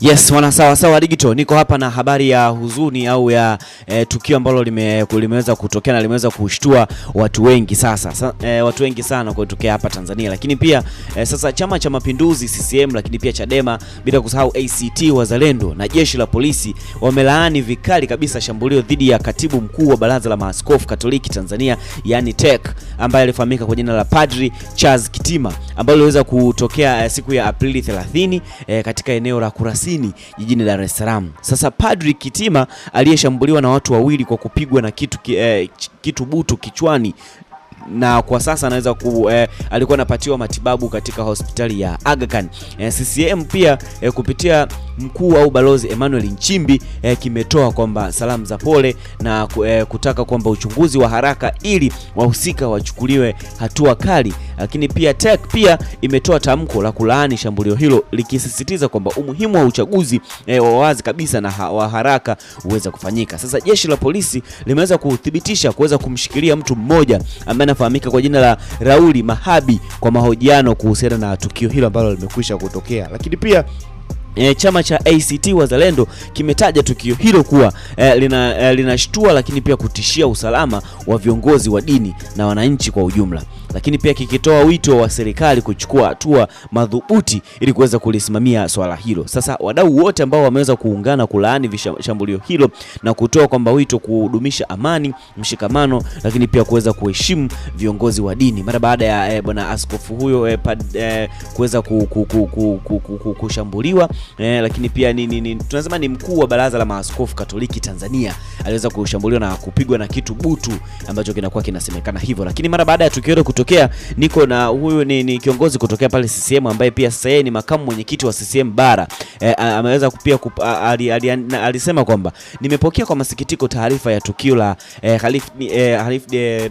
Yes, wana sawa sawa digital, niko hapa na habari ya huzuni au ya e, tukio ambalo lime, limeweza kutokea na limeweza kushtua watu wengi sasa sa, e, watu wengi sana kutokea hapa Tanzania, lakini pia e, sasa Chama cha Mapinduzi CCM, lakini pia Chadema, bila kusahau ACT Wazalendo na jeshi la polisi wamelaani vikali kabisa shambulio dhidi ya katibu mkuu wa Baraza la Maaskofu Katoliki Tanzania, yani TEC ambaye alifahamika kwa jina la Padri Charles Kitima ambaye aliweza kutokea eh, siku ya Aprili 30 eh, katika eneo la Kurasini jijini Dar es Salaam. Sasa Padri Kitima aliyeshambuliwa na watu wawili kwa kupigwa na kitu, eh, kitu butu kichwani na kwa sasa anaweza ku eh, alikuwa anapatiwa matibabu katika hospitali ya Aga Khan. Eh, CCM pia eh, kupitia mkuu au balozi Emmanuel Nchimbi eh, kimetoa kwamba salamu za pole na eh, kutaka kwamba uchunguzi wa haraka ili wahusika wachukuliwe hatua kali, lakini pia TEC pia imetoa tamko la kulaani shambulio hilo likisisitiza kwamba umuhimu wa uchaguzi eh, wa wazi kabisa na ha wa haraka uweze kufanyika. Sasa jeshi la polisi limeweza kuthibitisha kuweza kumshikilia mtu mmoja ambaye anafahamika kwa jina la Rauli Mahabi kwa mahojiano kuhusiana na tukio hilo ambalo limekwisha kutokea, lakini pia E, chama cha ACT Wazalendo kimetaja tukio hilo kuwa e, lina, e, linashtua lakini pia kutishia usalama wa viongozi wa dini na wananchi kwa ujumla lakini pia kikitoa wito wa serikali kuchukua hatua madhubuti ili kuweza kulisimamia swala hilo. Sasa wadau wote ambao wameweza kuungana kulaani shambulio hilo na kutoa kwamba wito kudumisha amani, mshikamano, lakini pia kuweza kuheshimu viongozi wa dini mara baada ya eh, bwana askofu huyo eh, eh, kuweza kushambuliwa eh, lakini pia ni, ni, ni, tunasema ni mkuu wa baraza la maaskofu Katoliki Tanzania aliweza kushambuliwa na kupigwa na kitu butu ambacho kinakuwa kinasemekana hivyo, lakini mara baada ya tukio hilo kutokea niko na huyu ni, ni kiongozi kutokea pale CCM ambaye pia sasa yeye ni makamu mwenyekiti wa CCM bara e, ameweza pia alisema kwamba nimepokea kwa masikitiko taarifa ya tukio la e, eh, Halif, e, eh, Halif e,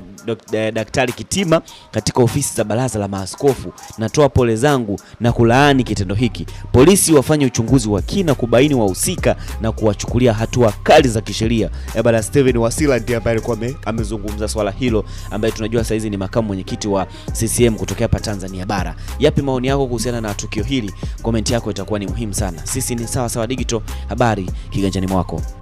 e, Daktari Kitima katika ofisi za baraza la maaskofu. Natoa pole zangu na kulaani kitendo hiki. Polisi wafanye uchunguzi wa kina kubaini wahusika na kuwachukulia hatua kali za kisheria. E, bwana Steven Wasila ndiye ambaye alikuwa amezungumza swala hilo, ambaye tunajua saizi ni makamu mwenyekiti mwenyekiti wa CCM kutokea hapa Tanzania bara. Yapi maoni yako kuhusiana na tukio hili? Komenti yako itakuwa ni muhimu sana. Sisi ni sawa sawa Digital, habari kiganjani mwako.